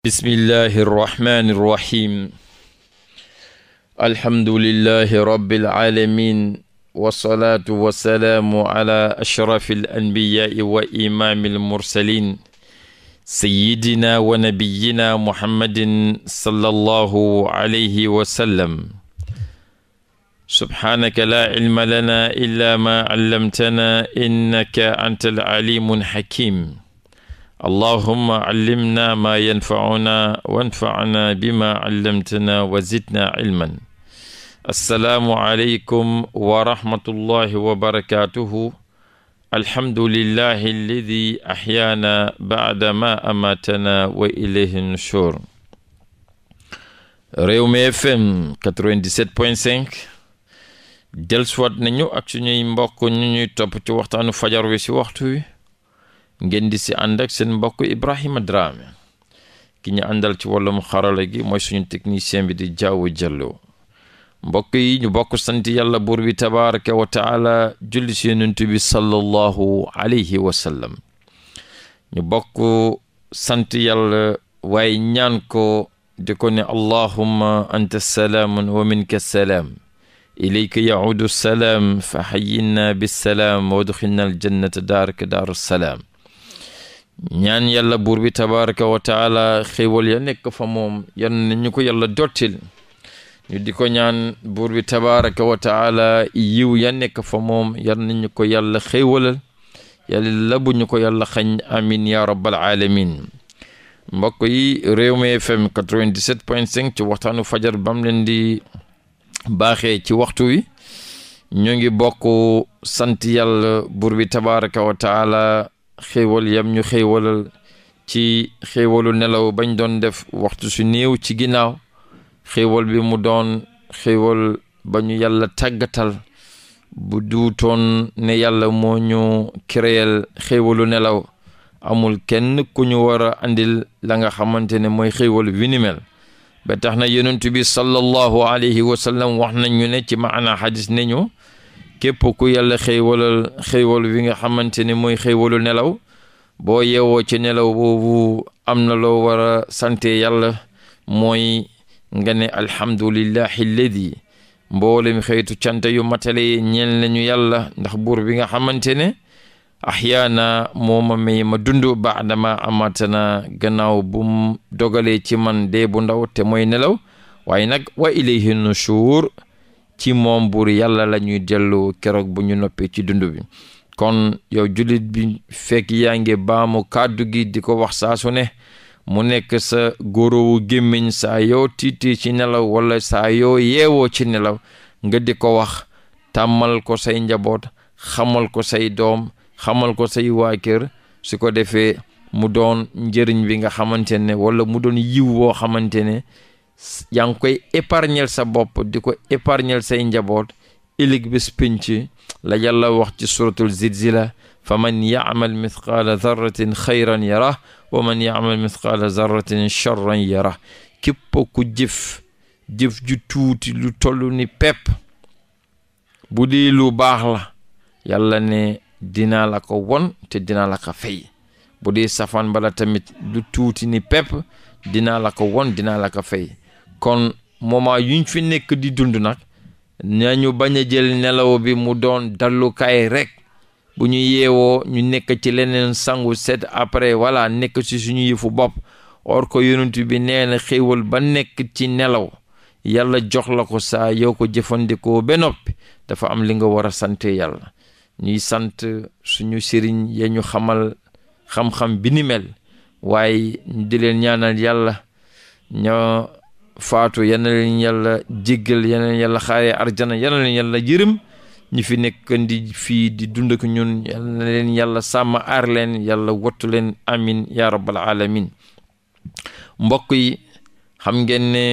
bismillahi irrahmani irrahim alhamdulillahi rabbil alamin wasalaatu wasalaamu ala ashrafi alanbiyaai wa imaami almursalin sayidina wa nabiyina muhammadin sallallahu alayhi wa sallam subhaanaka laa cilma lana illa ma callamtana innaka anta alcalimu alxakim allahuma callimna maa yanfacunaa wanfacnaa bimaa callamtanaa wa zidnaa cilman assalaamu aleykum wa rahmatullahi wa barakaatuhu alhamdulillahi alladi axyaana bacda ma amaatana wa ilayhi nushur Rewmi FM 97.5 dellusiwaat nañu ak suñuy mbokk ñu ñuy topp ci waxtaanu fajar wi ci waxtu wi ngeen di si ànd seen mbokk Ibrahima Dramé ki ñu àndal ci wàllum xarala gi mooy suñu technicien bi di jaww jàlloo mbokk yi ñu bokk sant yàlla buur bi tabaraka wa taala julli si yonent bi sallallahu alayhi wa ñu bokk sant yàlla waaye ñaan ko di ko ne allahumma anta salaamun wa minka salaam ilayka yaudu salaam fa xayyinna bisalaam wa adxilna aljannata daaraka daaru salaam ñaan yàlla buur bi tabaraka wa taala xéewal ya nekk fa moom yan na ko yàlla dottil ñu di ko ñaan buur bi tabaraka wa taala yiw ya nekk fa moom yan na ko yàlla xéewalal yàlla labuñu ko yàlla xañ amin ya rabbal alamin mbokk yi Rewmi FM 97.5 ci waxtaanu fajar bam leen di baaxee ci waxtu wi ñoo ngi bokk sant yàlla buur bi tabaraka wa xéewal yam ñu xéewalal ci xéewalu nelaw bañ doon def waxtu su néew ci ginnaaw xéewal bi mu doon xéewal ba ñu yàlla tàggatal bu duutoon ne yàlla moo ñu créel xéewalu nelaw amul kenn ku ñu war a andil la nga xamante ne mooy xéewal wi ni tax na yonent bi sallallahu alayhi wa sallam wax nañ ñu ne ci maana xadis ne ñu képp ku yàlla xëywalal xëywal wi nga xamante ni mooy xëywalu nelaw boo yeewoo ci nelaw woowu am na loo war a sante yàlla mooy nga ne alhamdulillahi lladi mboolem xëytu cant yu matale ñeel nañu yàlla ndax buur wi nga xamante ne axyaana moo ma may ma dund baadama amatana gannaaw bu mu dogalee ci man dee bu ndaw te mooy nelaw waaye nag wa ilayhi nushur ci moom buur yàlla la ñuy dellu keroog bu ñu noppee ci dund bi kon yow jullit bi fekk yaa ngi baamu kàddu gi di ko wax saa ne mu nekk sa góorowu gémmiñ saa yow tiitee ci nelaw wala saa yoo yeewoo ci nelaw nga di ko wax tàmmal ko say njaboot xamal ko say doom xamal ko say waa kër su ko defee mu doon njëriñ bi nga xamante ne walla mu doon yiw woo xamante ne yaa ngi koy épargnel sa di ko épargnel say njaboot ëllëg bés pénc la yàlla wax ci suratul zilzila fa man yaamal mithqaala zarratin xayran yara wa man yaamal mithqaala zarratin charran yara képp ku jëf jëf ju tuuti lu toll ni pepp bu dee lu baax la yàlla ne dinaa la ko won te dinaa la ko fay bu dee safaan bala tamit lu tuuti ni pepp dinaa la ko won dinaa la ko fay kon moment yuñ fi nekk di dund nag nañu bañ a jël nelaw bi mu doon dallukaay rekk bu ñu yeewoo ñu nekk ci leneen sangu set après walla nekk ci suñu yëfu bopp or ko yonent bi nee na xéewal ba nekk ci nelaw yàlla jox la ko saa yow ko jëfandikoo ba noppi dafa am li nga war a sante yàlla ñuy sant suñu sëriñ ya ñu xamal xam-xam bi ni mel di leen ñaanal yàlla ñoo faatu yal na leen yàlla jéggal yal leen yàlla xaaree arjana yal na leen yàlla yërëm ñi fi nekk di fii di dund ñun yal leen yàlla sàmm aar leen yàlla wattu leen amin ya rabbal alamin mbokk yi xam ngeen ne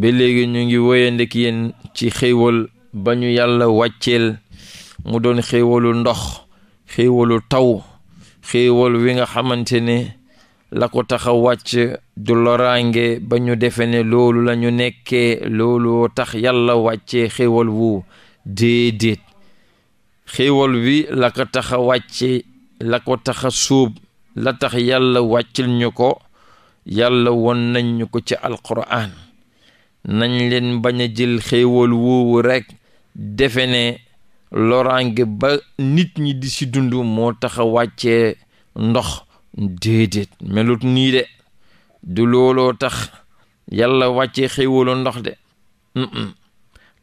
ba léegi ñu ngi woyandek yéen ci xéewal ba ñu yàlla wàcceel mu doon xéewalu ndox xéewalu taw xéewal wi nga xamante la ko tax wàcc du loraange ba ñu defe ne loolu lañu ñu nekkee looloo tax yàlla wàccee xéewal wu déedéet xéewal wi la ko tax wàcce la ko tax a suub la tax yàlla wàccil ñu ko yàlla woon nañ ñu ko ci alquraan nañ leen bañ a jël xéewal woowu rekk defe ne loraange ba nit ñi di ci dund moo taxa wàcce ndox déedéet melut nii de du looloo tax yàlla wàcce xéwalu ndox de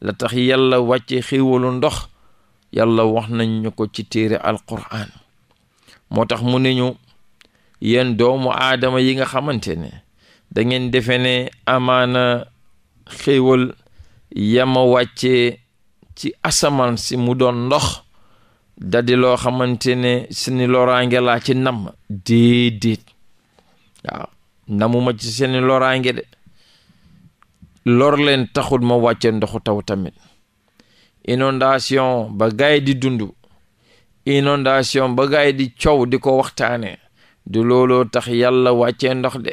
la tax yàlla wàcce xéwalu ndox yàlla wax nañ ñu ko ci téere alquran moo tax mu ne ñu yen doomu aadama yi nga xamante ne da ngeen defe ne amaana xéwal yama wàcce ci asamaan si mu doon ndox dadi loo xamante ne seeni loraange laa ci namm déedéet waaw namuma ci seeni loraange de lor leen taxul ma wàcce ndoxu taw tamit inondation ba gaay di dund ba gaydi di coow di ko waxtaane di looloo tax yàlla wàccee ndox de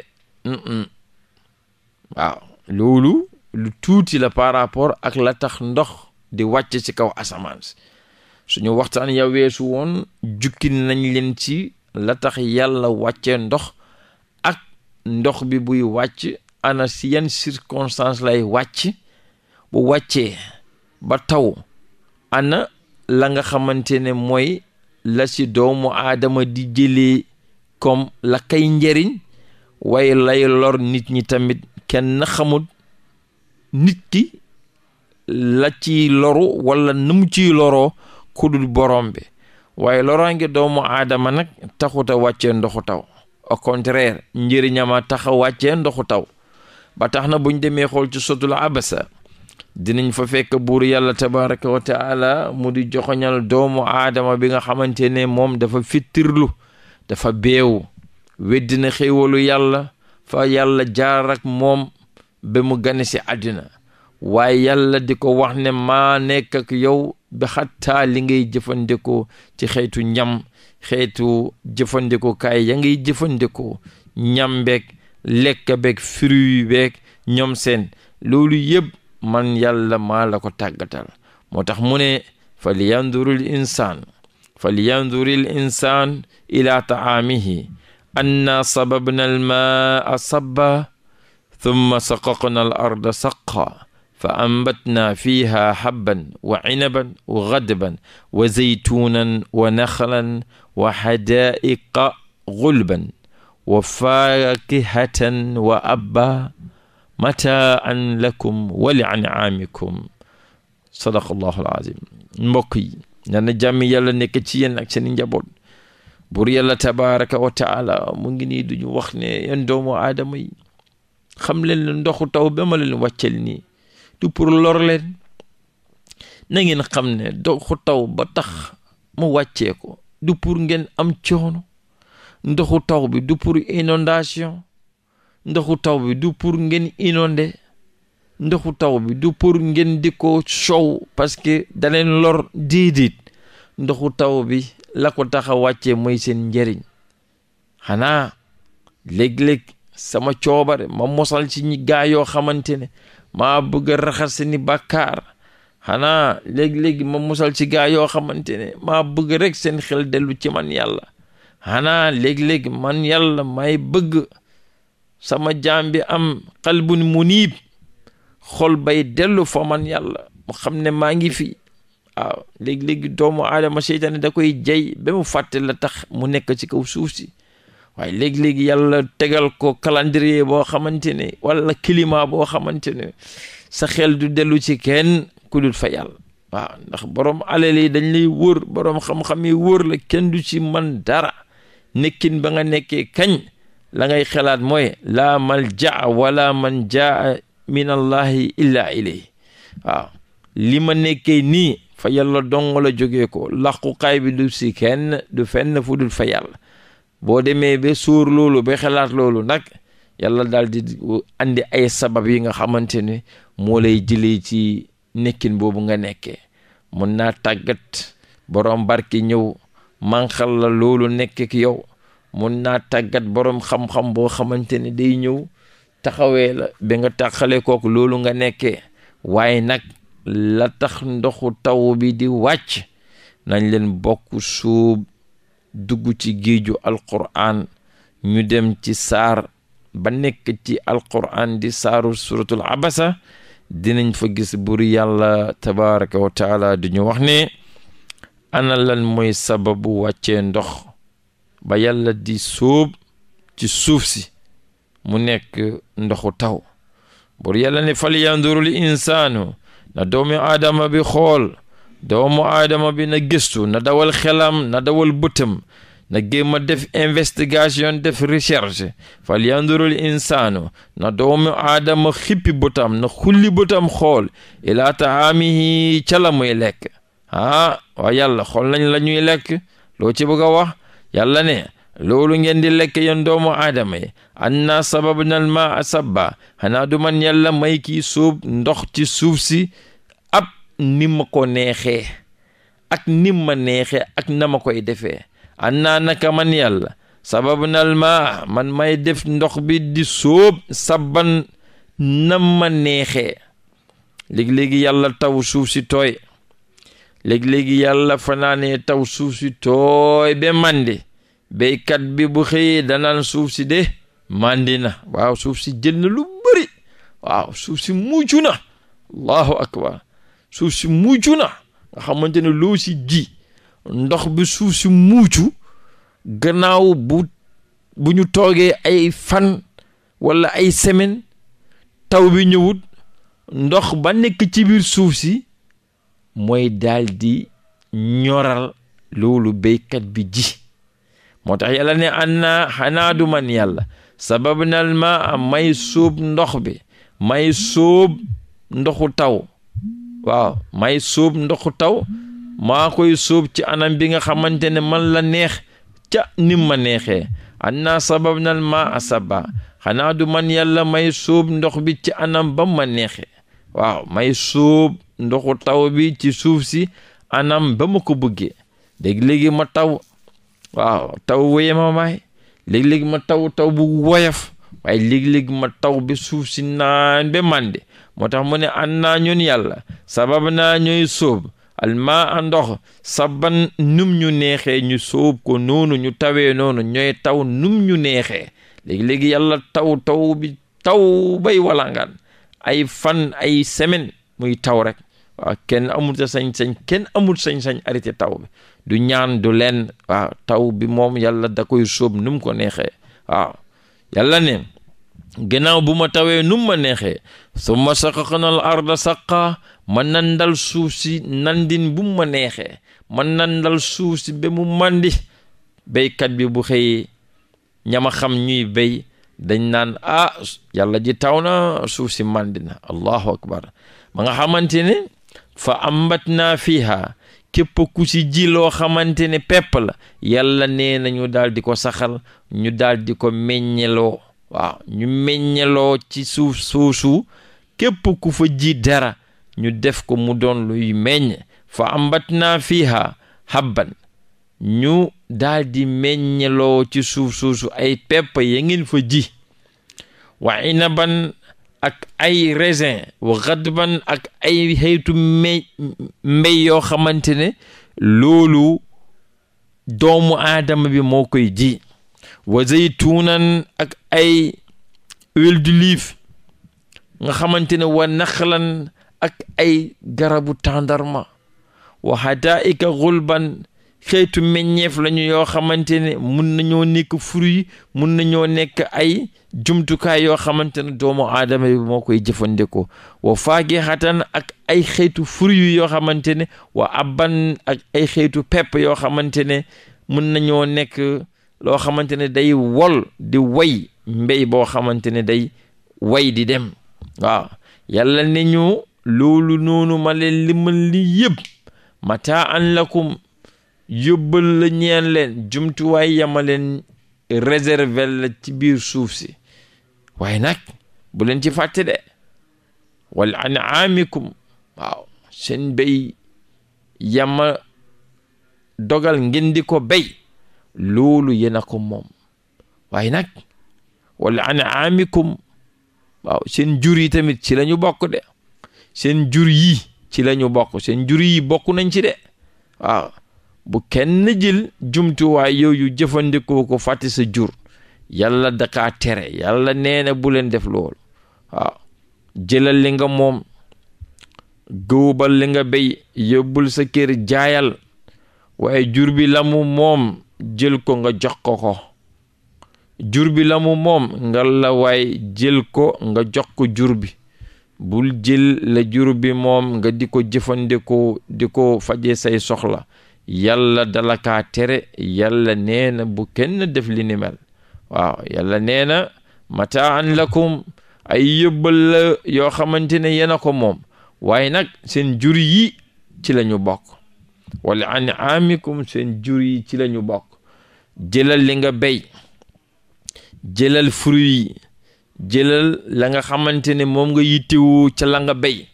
waaw loolu lu tuuti la par rapport ak la tax ndox di wàcc ci kaw asamaan suñu waxtaan ya weesu woon jukki nañ leen ci la tax yàlla wàcce ndox ak ndox bi buy wàcc ana si yan circonstance lay wàcc bu wàccee ba taw ana la nga xamante ne mooy la si doomu aadama di jëlee comme la kay njariñ waaye lay lor nit ñi tamit kenn xamut nit ki la ci loru walla nu mu ciy loroo kudul borom bi waaye loraange doomu aadama nag taxuta wàcce ndoxu taw au njëriñam a taxa wàcce ndoxu taw ba tax na buñ demee xool ci sotul abasa dinañ fa fekk buur yàlla tabaraka wa taala mu di joxoñal doomu aadama bi nga xamante ne moom dafa fittirlu dafa beewu weddi na xéewalu yàlla fa yàlla jaarak moom ba mu gane ci àddina waaye yàlla di ko wax ne maa nekk ak yow ba xattaa li ngay jëfandikoo ci xeetu ñam xeetu jëfandikoo kaay ya ngay jëfandikoo ñam beeg lekk beeg fruit beeg ñoom seen loolu yëpp man yàlla maa la ko tàggatal moo tax mu ne fal yanduril insaan fal yanduril insaan ila taamihi anna sababna al maa sabba thumma saqaqna saqa fa ambatna fiha habban wa inaban wa ghadban wa zaytunan wa naxlan wa hadaiqa gulban wa fakihatan wa abba mataan lakum wa li an'amikum sadaqallahu alazim mbokk yi ñaan na jàmm yàlla nekk ci yéen ak seen njaboot buur yàlla tabaraka wa taala mu ngi nii duñu wax ne yéen doomu aadama yi xam leen ne ndoxu taw ba ma leen wàccel nii du pour lor leen na ngeen xam ne doxu taw ba tax mu wàccee ko du pour ngeen am coono ndoxu taw bi du pour inondation ndoxu taw bi du pour ngeen inondé ndoxu taw bi du pour ngeen di ko sow parce que da leen lor déedéet ndoxu taw bi la ko tax a wàccee mooy seen njëriñ xanaa léeg-léeg sama coobare ma mosal ci ñi gaa yoo xamante ne maa bëgg a raxas seeni bàkkaar xanaa léegi-léegi ma musal ci gaa yoo xamante ne maa bëgg rek seen xel dellu ci man yàlla xanaa léegi-léegi man yàlla may bëgg sama jaam bi am mu munib xol bay dellu fa man yàlla mu xam ne maa ngi fi waaw léegi-léegi doomu aadama seytaane da koy jey ba mu fàtte la tax mu nekk ci kaw suuf si waaye léegi-léegi yàlla tegal ko calendrier boo xamante ne wala climat boo xamante ne sa xel du dellu ci kenn ku dul fa yàlla waaw ndax borom alal yi dañ lay wóor borom xam-xam yi wóor la kenn du ci man dara nekkin ba nga nekkee kañ la ngay xalaat mooy la laa malja wala man jaa min allahi illa ilayhi li ma nekke nii fa yàlla dong la jógee ko laqukaay bi du si kenn du fenn fu dul fa yàlla boo demee ba suur loolu ba xalaat loolu nag yàlla daal di andi ay sabab yi nga xamante ne moo lay jëlee ci nekkin boobu nga nekkee mun naa tàggat borom barki ñëw manxal la loolu nekk ki yow mun naa tàggat boroom xam-xam boo xamante ne day ñëw taxawee la ba nga taxale kooku loolu nga nekkee waaye nag la tax ndoxu taw bi di wàcc nañ leen bokk suub dugg ci géeju alqur'aan ñu dem ci saar ba nekk ci alqur'aan di saaru suratul abasa dinañ fa gis buri yàlla tabaraka wa taala duñu wax ne ana lan mooy sababu wàcce ndox ba yàlla di sóob ci suuf si mu nekk ndoxu taw bur yàlla ne fal yandurul insaanu na doomi aadama bi xool doomu aadama bi na gëstu na dawal xelam na dawal bëtam na géem a def investigation def recherche fal yandurul insaanu na doomu aadama xippi bëtam na xulli bëtam xool ilaa tahaamihi ca la muy lekk ah waa yàlla xool nañ la ñuy lekk loo ci bëgg a wax yàlla ne loolu ngeen di lekk yéen doomu aadama yi anna sabab nal ma sabba xanaa du man yàlla may kii sóob ndox ci suuf si ni ma ko neexee ak ni ma neexee ak na ma koy defee an naa naka man yàlla sabab nal ma man may def ndox bi di sóob saban na ma neexee léegi-léegi yàlla taw suuf si tooy léegi-léegi yàlla fanaane taw suuf si tooy ba màndi béykat bi bu xëyee danaan suuf si de màndi na waaw suuf si jël na lu waaw suuf si muucu na allahu akbar suuf si muucu na nga xamante ne loo si ji ndox bi suuf si muucu gannaaw bu bu ñu toogee ay fan walla ay semaine taw bi ñëwut ndox ba nekk ci biir suuf si mooy daal di ñoral loolu béykat bi ji moo tax yàlla ne anna xanaa du man yàlla sabab nal ma may sóob ndox bi may sóob ndoxu taw waaw may suub ndoxu taw maa koy sóob ci anam bi nga xamante ne man la neex ca nim ma neexee an naa sabab nal maa asaba xanaa du man yàlla may suub ndox bi ci anam ba ma neexee waaw may sóob ndoxu taw bi ci suuf si anam ba ko bugge léegi-léegi ma taw waaw taw wéyama maay léegi-léegi ma taw taw bu woyof waaye léeg-léeg ma taw ba suuf si naan ba mànde moo tax mu ne an naa ñun yàlla sabab naa ñooy sóob almaa a ndox saban num ñu neexee ñu sóob ko noonu ñu tawee noonu ñooy taw num ñu neexee léegi-léegi yàlla taw taw bi taw bay walangaan ay fan ay semaine muy taw rek kenn amul sa sañ-sañ kenn amul sañ-sañ arrêté taw bi du ñaan du leen waaw taw bi moom yàlla da koy sóob num ko neexee waaw yàlla ne gannaaw bu ma tawee num ma neexee summa saqaqna al arda saqa ma nandal suuf si nandin bu ma neexee ma nandal suuf si ba mu màndi béykat bi bu xëyee ñama xam ñuy béy dañ naan ah yàlla ji taw na suuf si màndi na allahu akbar ma nga xamante ne fa ambatna fiha képp ku si ji loo xamante ne pepp la yàlla nee na ñu daal ko saxal ñu daldi di ko meññeloo waaw ñu meññeloo ci suuf soosu képp ku fa ji dara ñu def ko mu doon luy meññ fa ambatnaa fiiha habban ñu daal di meññeloo ci suuf soosu ay pepp ya ngeen fa ji wa inaban ak ay raisin wa xadban ak ay xeetu mbéy yoo xamante ne loolu doomu aadama bi moo koy ji wa zeytuunan ak ay huile d'olive nga xamante ne wa naxlan ak ay garabu tàndarma wa hadaika xulban xeetu meññeef lañu yoo xamante ne mun nañoo nekk fruit mun nañoo nekk ay jumtukaay yoo xamante ne doomu aadama bi moo koy jëfandikoo wa faagee xatan ak ay xeetu fur yoo xamante ne wa abban ak ay xeetu pepp yoo xamante ne mun nañoo nekk loo xamante ne day wol di way mbéy boo xamante ne day way di dem waaw yàlla ne ñu loolu noonu ma leen limal li yëpp mataa an lakum yóbbal la ñeen leen jumtuwaay yama leen réserver la ci biir suuf si waaye nag bu leen ci fàtte de wal anaamikum waaw seen béy yama dogal ngeen di ko béy loolu yéen ko moom waaye nag wala anaamikum waaw seen jur yi tamit ci lañu ñu bokk de seen jur yi ci lañu bokk seen jur yi bokk nañ ci de waaw bu kenn jël jumtuwaay yooyu jëfandikoo ko fàtte sa jur yàlla dakaa tere yàlla nee na bu leen def loolu waaw jëlal li nga moom góobal li nga béy yóbbul sa kër jaayal waaye jur bi la mu moom jël ko nga jox ko ko jur bi la moom nga la waay jël ko nga jox ko jur bi bul jël la jur bi moom nga di ko jëfandikoo di ko faje say soxla yàlla dalakaa tere yàlla nee na bu kenn def li ni mel waaw yàlla nee na la lakum ay yóbbal la yoo xamante ne yéen ko moom waaye nag seen jur yi ci la ñu bokk walla wala an'amikum seen jur yi ci la ñu bokk jëlal li nga béy jëlal fruit yi jëlal la nga xamante ne moom nga yittewu ca la nga béy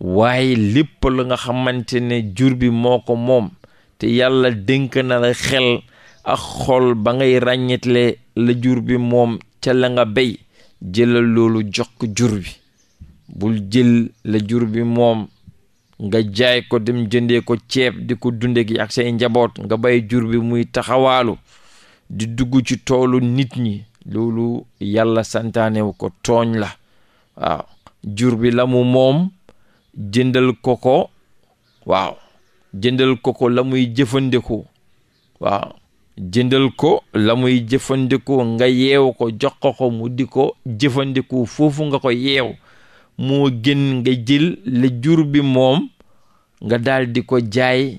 waaye lépp la nga xamante ne jur bi moo ko moom te yàlla dénk na xel ak xol ba ngay ràññetle la jur bi moom ca la nga bay jëlal loolu jox ko jur bi bul jël la jur bi moom nga jaay ko dem jënde ko ceeb di ko dunde ki ak say njaboot nga bay jur bi muy taxawaalu di dugg ci toolu nit ñi loolu yàlla santaanewu ko tooñ la waaw jur bi la mu moom jëndal ko ko waaw jëndal ko ko la muy jëfandikoo waaw jëndal ko la muy jëfandikoo nga yeew ko jox ko mu di ko jëfandikoo foofu nga ko yeew moo gën nga jël la jur bi moom nga daal di ko jaay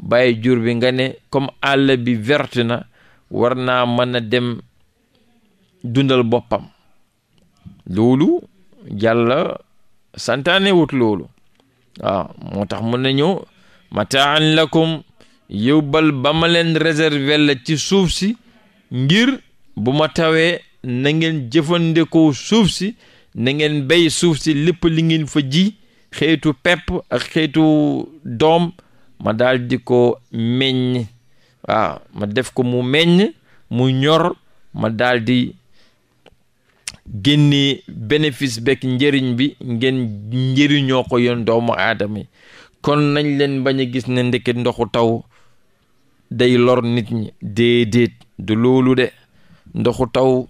bàyyi jur bi nga ne comme àll bi verte na war naa mën a dem dundal boppam loolu yàlla santaane wut loolu waaw moo tax mun nañu mataan lakum yóbbal ba ma leen réserver la ci suuf si ngir bu ma tawee na ngeen jëfandikoo suuf si na ngeen béy suuf si lépp li ngeen fa ji xeetu pepp ak xeetu doom ma daal di ko meññ waaw ma def ko mu meññ mu ñor ma daldi di génne bénéfice bekk njëriñ bi ngeen njëriñoo ko yoon doomu aadama yi kon nañ leen bañ a gis ne ndekki ndoxu taw day lor nit ñi déedéet du loolu de ndoxu taw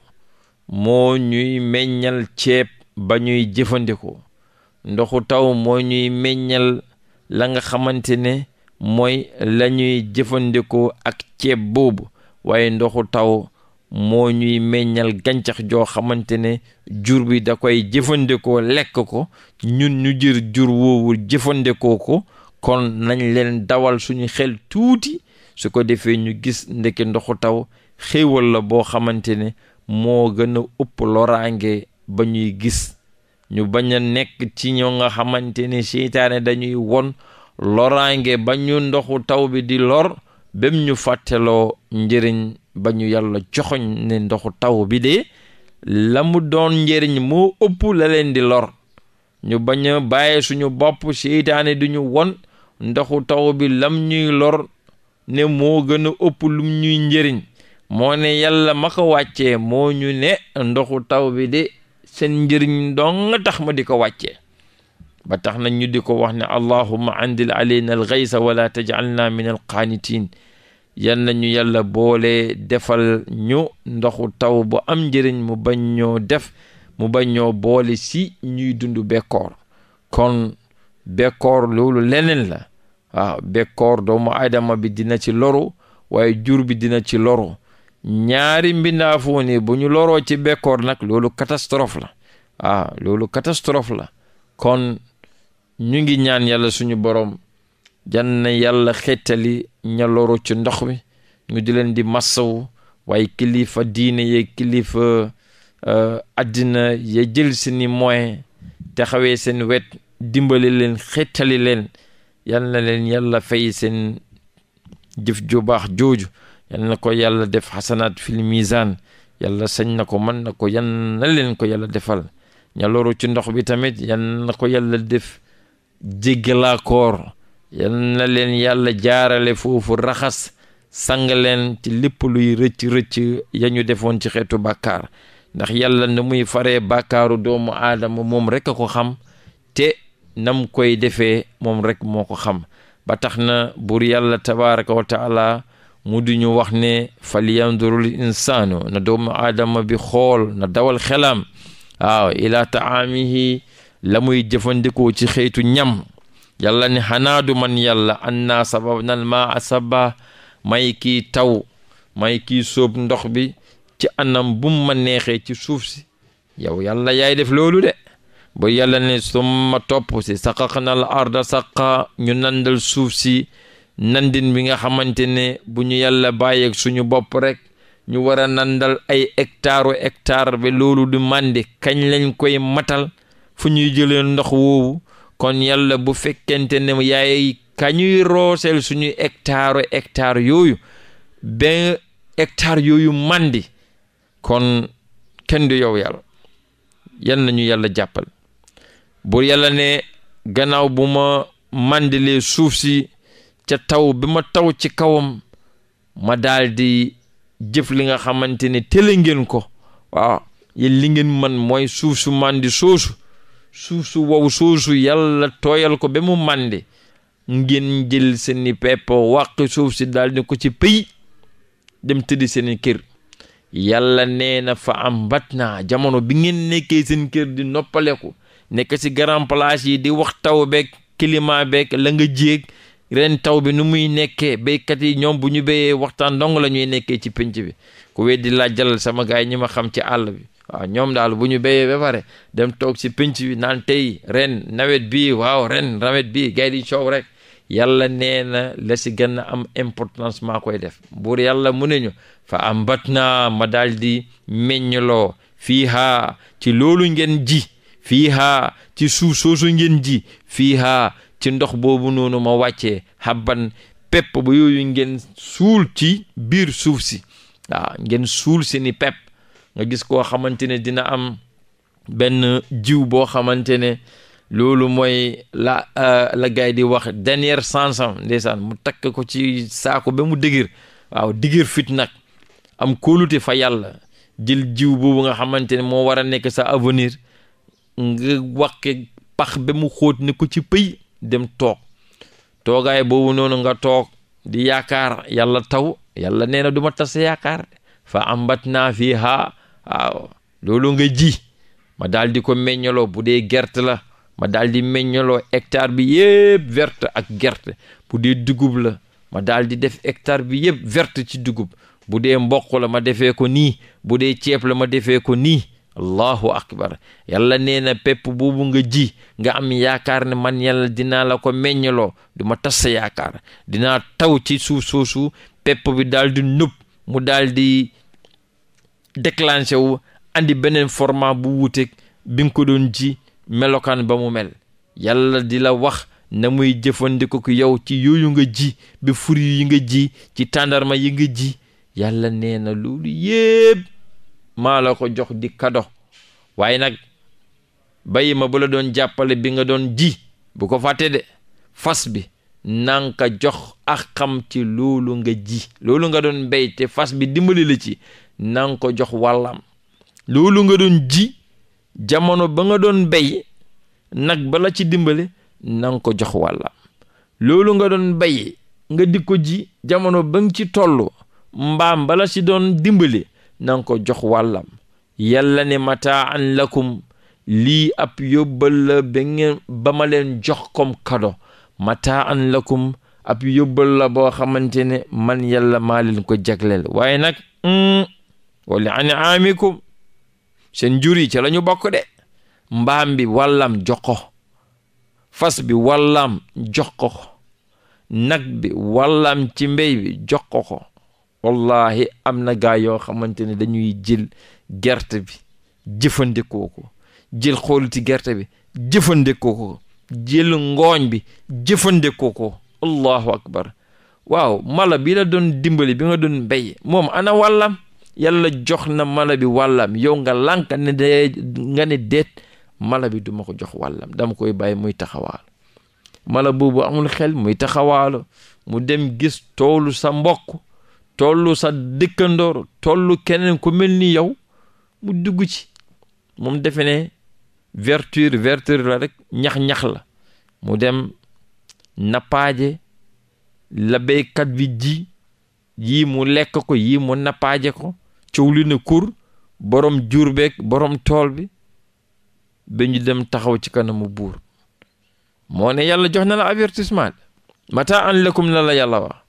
moo ñuy meññal ceeb ba ñuy jëfandikoo ndoxu taw moo ñuy meññal la nga xamante ne mooy la ñuy jëfandikoo ak ceeb boobu waaye ndoxu taw moo ñuy meññal gàncax joo xamante ne jur bi da koy jëfandikoo lekk ko ñun ñu jër jur woowu jëfandikoo ko kon nañu leen dawal suñu xel tuuti su ko defee ñu gis ndeke ndoxu taw xéewal la boo xamante ne moo gën a ëpp loraange ba ñuy gis ñu bañ a nekk ci ñoo nga xamante ne seytaane dañuy won loraange ba ñu ndoxu taw bi di lor bem ñu fàtteloo njëriñ ba ñu yàlla joxoñ ne ndoxu taw bi de la mu doon njëriñ moo ëpp la leen di lor ñu bañ a bàyyi suñu bopp seytaane du won ndoxu taw bi lam ñuy lor ne moo gën a ëpp lum ñuy njëriñ moo ne yàlla ma ko wàccee moo ñu ne ndoxu taw bi de seen njëriñ dong tax ma di ko wàcce ba tax na ñu di ko wax ne allahumma andil alayna al gaysa wala tajalna min al qaanitin yan nañu yàlla boole defal ñu ndoxu taw bu am njëriñ mu bañ ñoo def mu bañ ñoo boole si ñuy dund bekkoor kon bekkoor loolu leneen la waaw bekkoor doomu aadama bi dina ci loru waaye jur bi dina ci loru ñaari mbindaafu ni bu ñu loroo ci bekkoor nag loolu catastrophe la waaw loolu catastrophe la kon ñu ngi ñaan yàlla suñu borom jan na yàlla xeetali ña loru ci ndox mi ñu di leen di massawu waaye kilifa diine ye kilifa àddina eh, ya jël seeni moye te xawee seen wet dimbali leen xettali leen yal na leen yàlla fay seen jëf ju baax jooju yal na ko yàlla def xasanaat fil misaan yàlla sañ na ko mën na ko yal na leen ko yàlla defal ña loru ci ndox bi tamit yal na ko yàlla def jéggalaa koor leen yàlla jaarale foofu raxas sang leen ci lépp luy rëcc rëcc yañu defoon ci xeetu bàkkaar ndax yàlla na faree bàkkaaru doomu aadama moom rekk a ko xam te nam koy defee moom rek moo ko xam ba tax na buur yàlla tabaraka wa mu du ñu wax ne falyandurul insaanu na doomu aadama bi xool na dawal xelaam waaw ila taamihi la muy jëfandikoo ci xeetu ñam yàlla ne xanaa man yàlla annaa sabab nal maa asaba may kii taw may kii sóob ndox bi ci anam bu ma neexee ci suuf si yow yàlla yaay def loolu de ba yàlla ne summa topp si saqaqna al arda saqa ñu nandal suuf si nandin bi nga xamante ne bu ñu yàlla bàyyeeg suñu bopp rekk ñu war a nandal ay hectare hectare ba loolu di màndi kañ lañ koy matal fu ñuy jëlee ndox woowu kon yàlla bu fekkente ne yaay kañuy rooseel suñu hectare hectare yooyu ba hectare yooyu màndi kon kenn du yow yàlla yan nañu yàlla jàppal bu yàlla ne gannaaw bu ma màndilee suuf si ca taw bi ma taw ci kawam ma daldi di jëf li nga xamante ne tële ngeen ko waaw ngeen man mooy suuf su màndi soosu suuf su wow soosu yàlla tooyal ko ba mu mandi ngeen jël seeni pepp wàq suuf si daal ko ci pëy dem tëddi seeni kër yàlla nee na fa am bat naa jamono bi ngeen nekkee seen kër di noppale ko nekk ci grand place yi di wax taw beeg climat beeg la nga jéeg ren taw bi nu muy nekkee béykat yi ñoom bu ñu béyee waxtaan dong la ñuy nekkee ci pénc bi ku weddi laaj jalal sama gaay ñi ma xam ci àll bi ñoom daal bu ñu béyee ba pare dem toog si pénc bi naan tey ren nawet bi waaw ren nawet bi gay di coow rek yàlla nee na la si gën am importance maa koy def buur yàlla mu ne ñu fa ambat naa ma daal di meññloo fii haa ci loolu ngeen ji fii fiihaa ci suuf soosu ngeen ji fii fiihaa ci ndox boobu noonu ma wàccee habban pepp ba yooyu ngeen suul ci biir suuf si waaw ngeen suul seeni pepp nga gis koo xamante ne dina am benn jiw boo xamante ne loolu mooy la euh, la gaay di wax dernière chance am ndeysaan mu takk ko ci saako ba mu dëgër waaw dëgër fit nag am kóolute fa yàlla jil jiw boobu nga xamante ne moo war a nekk sa avenir nga waqe pax ba mu xóot ne ko ci pëy dem toog toogaay boobu noonu nga toog di yaakaar yàlla taw yàlla nee na du ma tas yaakaar fa ambat naa fi haa waaw loolu nga ji ma daal di ko meññeloo bu dee gerte la ma daal di meññaloo hectare bi yëpp verte ak gerte bu dee dugub la ma daal di def hectare bi yëpp verte ci dugub bu dee mboq la ma defee ko nii bu dee ceeb la ma defee ko nii allahu akbar yàlla nee na pepp boobu nga ji nga am yaakaar ne man yàlla dinaa la ko meññeeloo di ma tas sa yaakaar dinaa taw ci suuf soosu pepp bi daal di mu daal di déclenché wu andi beneen format bu wuuteeg bi nga ko doon ji melokaan ba mu mel yàlla di la wax na muy jëfandiku ko yow ci yooyu nga ji bi furi yi nga ji ci tàndarma yi nga ji yàlla nee na loolu maa la ko jox di kado waaye nag bay ma bu la doon jàppale bi nga doon ji bu ko fàtte de fas bi nanka jox ak xam ci loolu nga ji loolu nga doon bay te fas bi dimbali la ci nanga ko jox wàllam loolu nga doon ji jamono ba nga doon béy nag bala ci dimbale nanga ko jox loolu nga nga di ko ji jamono ba nga ci tollu mbaam bala ci doon dimbali nanga ko jox wàllam yàlla ne mataan lakum lii ab yóbbal la ba ngeen jox comme kado mataan lakum ab yobbal la boo xamante ne man yàlla maa leen ko jagleel waaye nag mm, wali anaamikum seen jur yi ca la ñu bokk de mbaam bi wallam jox ko fas bi wàllam jox ko nag bi wàllam ci mbéy bi jox ko wallahi am na gaa yoo xamante ne dañuy jël gerte bi jëfandikoo ko jël xooliti gerte bi jëfandikoo ko jël ngooñ bi jëfandikoo ko allahu akbar waaw mala bi la doon dimbali bi nga doon béy moom ana wàllam yàlla jox na mala bi wàllam yow nga lànk ne de nga ne déet mala bi duma ko jox wàllam dama koy bàyyi muy taxawaal mala boobu amul xel muy taxawaalu mu dem gis toolu sa mbokk tollu sa dëkkandoor tollu keneen ku mel ni yow mu dugg ci moom defe ne vertu vertu la rek ñax-ñax la mu dem nappaaje la béykat bi ji yii mu lekk ko yii mu nappaaje ko coow li ne kur borom jur beeg borom tool bi ba ñu dem taxaw ci kanamu buur moo ne yàlla jox na la avertissement mata an lakum la la yàlla wax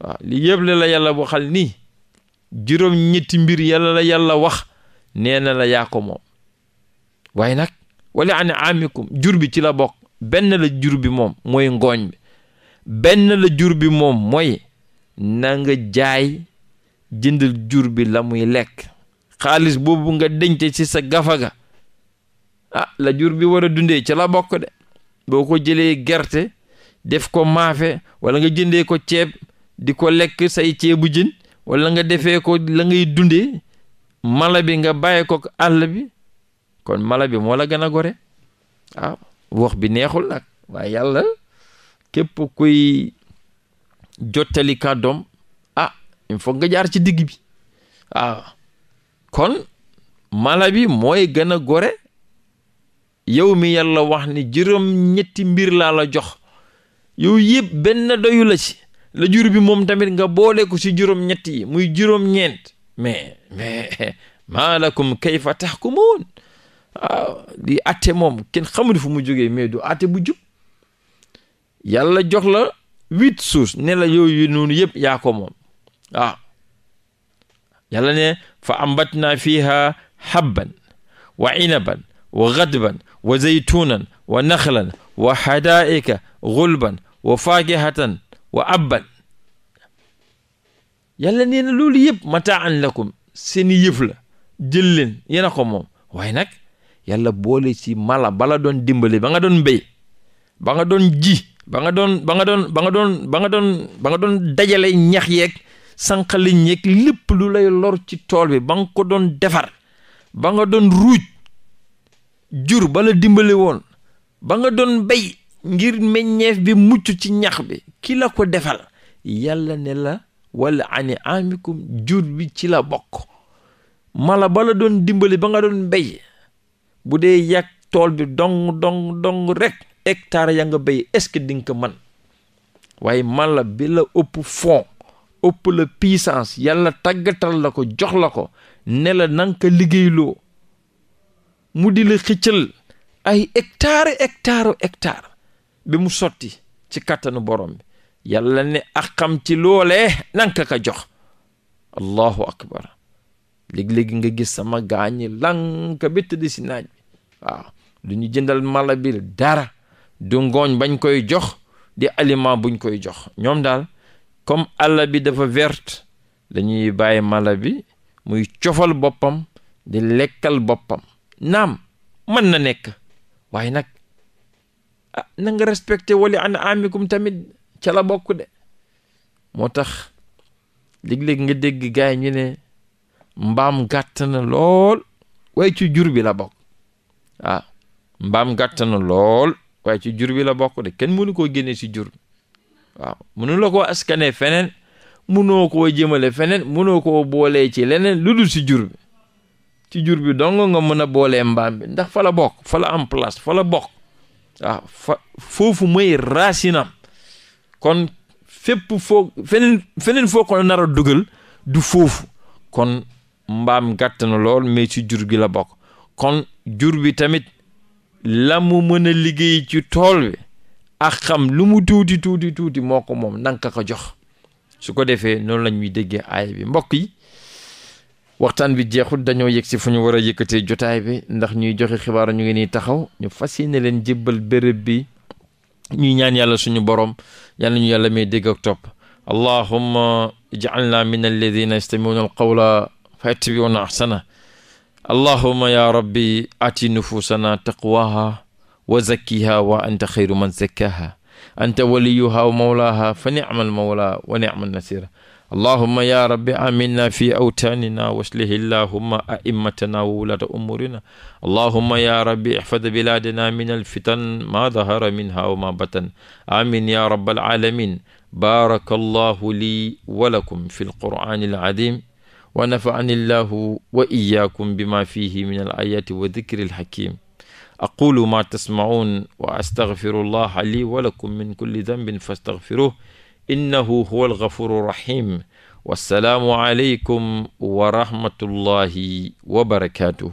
waaw li yëpp la la yàlla waxal nii juróom ñetti mbir yàlla la yàlla wax nee na la yaa ko moom waaye nag wala an amikum jur bi ci la bokk benn la jur bi moom mooy ngooñ bi benn la jur bi moom mooy na nga jaay jëndal jur bi la muy lekk xaalis boobu nga dencee ci sa gafaga ah la jur bi war a dundee ci la bokk de boo ko jëlee gerte def ko maafe walla nga jëndee ko ceeb di ko lekk say ceebu jën walla nga defee ko la ngay dunde mala bi nga bàyyi ko àll bi kon mala bi moo la gën a gore wax bi neexul nag waaye yàlla képp kuy jottali kàddoom ah, il faut nga jaar ci digg bi waaw kon mala bi mooy gën a gore yow mi yàlla wax ni juróom ñetti mbir laa la jox yow yëpp benn doyu la ci la jur bi moom tamit nga boole ko ci juróom-ñett yi muy juróom-ñeent mais mais maalakum kayfa tahkumun waaw di atte moom kenn xamul fu mu jógee mais du atte bu jub yàlla jox la huit sources ne la yooyu noonu yëpp yaa ko moom waaw yàlla ne fa ambatna fiha habban wa inaban wa gadban wa zaytunan wa naxlan wa hadaika gulban wa faakihatan wa abban yàlla nee na loolu yëpp mataan lakum seeni yëf la jël leen yéen a ko moom waaye nag yàlla boole si mala bala doon dimbali ba nga doon béy ba nga doon ji ba nga doon ba nga doon ba nga doon ba nga doon ba nga doon dajale ñax yeeg sànqaliñ yeeg lépp lu lay lor ci tool bi ba nga ko doon defar ba nga doon ruuj jur bala dimbali woon ba nga doon béy ngir meññeef bi mucc ci ñax bi ki la ko defal yàlla ne la walla ani amikum jur bi ci la bokk mala bala doon dimbali ba nga doon béy bu dee yàgg tool bi dong dong dong rek hectare yaa nga béy est-ce que di ko man waaye mala bi la ëpp fond ëpp la puissance yàlla tàggatal la ko jox la ko ne la nanga ko liggéeyloo mu di la xëccal ay hectare hectare hectare bi mu sotti ci kàttanu borom bi yàlla ne axam ci loole nanka ka jox allahu akbar léegi-léegi nga gis sama gaañ lanka bi tëdd si naaj bi waaw du ñu jëndal mala bi dara du ngooñ bañ koy jox di aliment buñ koy jox ñoom daal comme àll bi dafa verte dañuy bàyyi mala bi muy cofal boppam di lekkal boppam naam mën na nekk waaye nag na nga respecté wali an amikum tamit ca la bokk de moo tax léeg-léeg nga dégg yi ñu ne mbaam gàtt na lool waaye ci jur bi la bokk ah mbaam gàtt na lool waaye ci jur bi la bokk de kenn mënu koo génnee ci jur waaw mënu la koo askane feneen mënoo koo jëmale feneen mënoo koo boolee ci leneen lu dul ci jur bi ci jur bi dong nga mën a boolee mbaam bi ndax fala bokk fala la am place fa bokk waaw ah, foofu mooy racine am kon fépp foo feneen feneen foo ko nar dugal du foofu kon mbaam gàtt na lool mais ci jur gi la bokk kon jur bi tamit la mu mën a liggéey ci tool bi ak xam lu mu tuuti tuuti tuuti moo ko moom nanka ko jox su ko defee noonu la ñuy déggee aay bi mbokk yi waxtaan bi jeexut dañoo yegg si fu ñu war a yëkkatee jotaay bi ndax ñuy joxe xibaar ñu ngi nii taxaw ñu fas yéene leen jébbal béréb bi ñuy ñaan yàlla suñu borom yàlla ñu yàlla may dégg ak topp allahumma ij'alna min alladhina yastami'una alqawla fa yattabi'una ahsana allahumma ya rabbi ati nufusana taqwaha wa zakkiha wa anta khayru man zakkaha anta waliyuha wa mawlaha fa ni'mal mawla wa ni'man nasira allahuma ya rabbi aminna fi awtanina waslih llahuma aimatana wa wulata umurina allahuma ya rabbi ihfad biladana min alfitan ma dahara minha wa ma batan amin ya rabbal alamin baraka allahu lii wa lakum fi alqur'ani alazim wa nafa'ani llahu wa iyyakum bima fihi min alayati wa dhikri alhakim aqulu ma tasma'un wa astaghfiru llaha lii wa lakum min kulli dhanbin fastaghfiruh innahu huwa alghafuru rahim wassalaamu aleykum wa rahmatullahi wa barakaatuhu